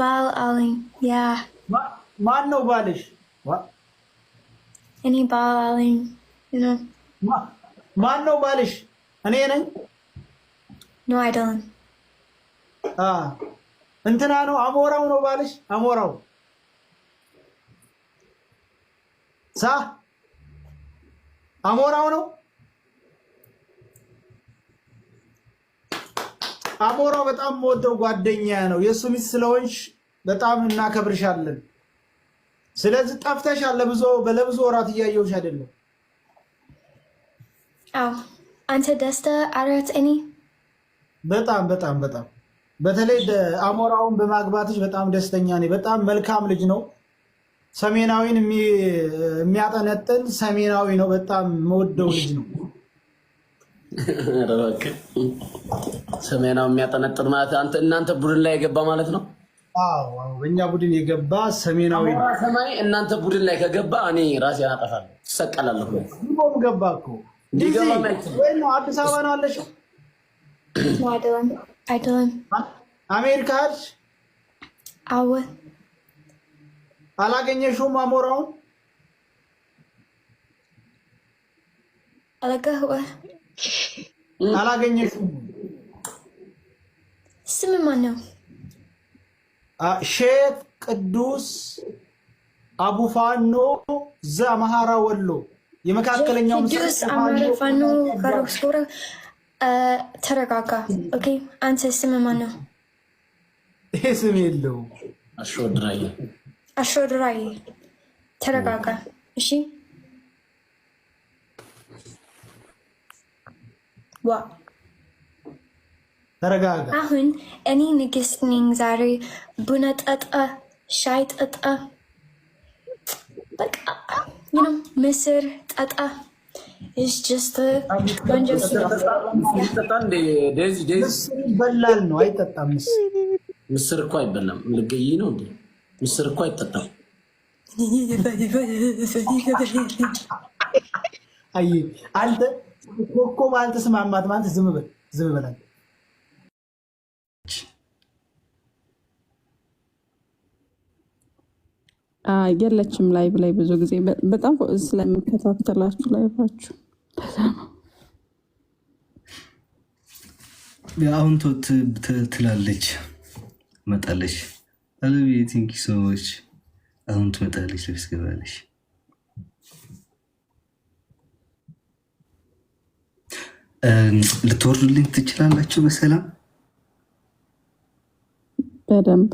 Baal yeah. What? Man no What? Any Baal you know. Ma, man no Baalish. Any any? No, I don't. Ah. Antena no Amorao no Baalish? Amorao. Sa? I'm no? Amora, no? አሞራው በጣም የምወደው ጓደኛ ነው። የእሱ ሚስት ስለሆንሽ በጣም እናከብርሻለን። ስለዚህ ጠፍተሻል። ለብዙ በለብዙ ወራት እያየውሽ አይደለም። አዎ አንተ ደስተ አረት እኔ በጣም በጣም በጣም በተለይ አሞራውን በማግባትሽ በጣም ደስተኛ ነኝ። በጣም መልካም ልጅ ነው። ሰሜናዊን የሚያጠነጥን ሰሜናዊ ነው። በጣም መወደው ልጅ ነው። ስሜ ነው የሚያጠነጥር ማለት እናንተ ቡድን ላይ የገባ ማለት ነው። በእኛ ቡድን የገባ ሰሜናዊ ሰማይ እናንተ ቡድን ላይ ከገባ እኔ ራሴ አጠፋለሁ፣ ትሰቀላለሁ። ሊቦም ገባ እኮ አዲስ አበባ ነው አለሽው። አሜሪካ ሄድሽ? አዎ። አላገኘሽውም አሞራውን አለቀ አላገኘሽም። ስም ማን ነው? ሼክ ቅዱስ አቡፋኖ ዘአምሃራ ወሎ የመካከለኛው ቅዱስ አማራ ፋኖ ተረጋጋ። ኦኬ አንተ ስም ማን ነው? ይሄ ስም ተረጋጋ። እሺ ተረጋጋ። አሁን እኔ ንግስት ነኝ። ዛሬ ቡና ጠጣ፣ ሻይ ጠጣ፣ በቃ ምስር ጠጣ። ይበላል ነው አይጠጣም። ምስር እኮ አይበላም። ልገይ ነው እንዴ? ምስር እኮ አይጠጣም። አይ አንተ እኮ ማለት ተስማማት ማለት ዝም በል ዝም በላል። የለችም ላይቭ ላይ ብዙ ጊዜ በጣም ስለምከታተላችሁ ላይቫችሁ አሁን ቶት ትላለች መጣለች። አለቤ ቲንኪ ሰዎች አሁን ትመጣለች ልብስ ገባለች ልትወርዱልኝ ትችላላችሁ በሰላም በደንብ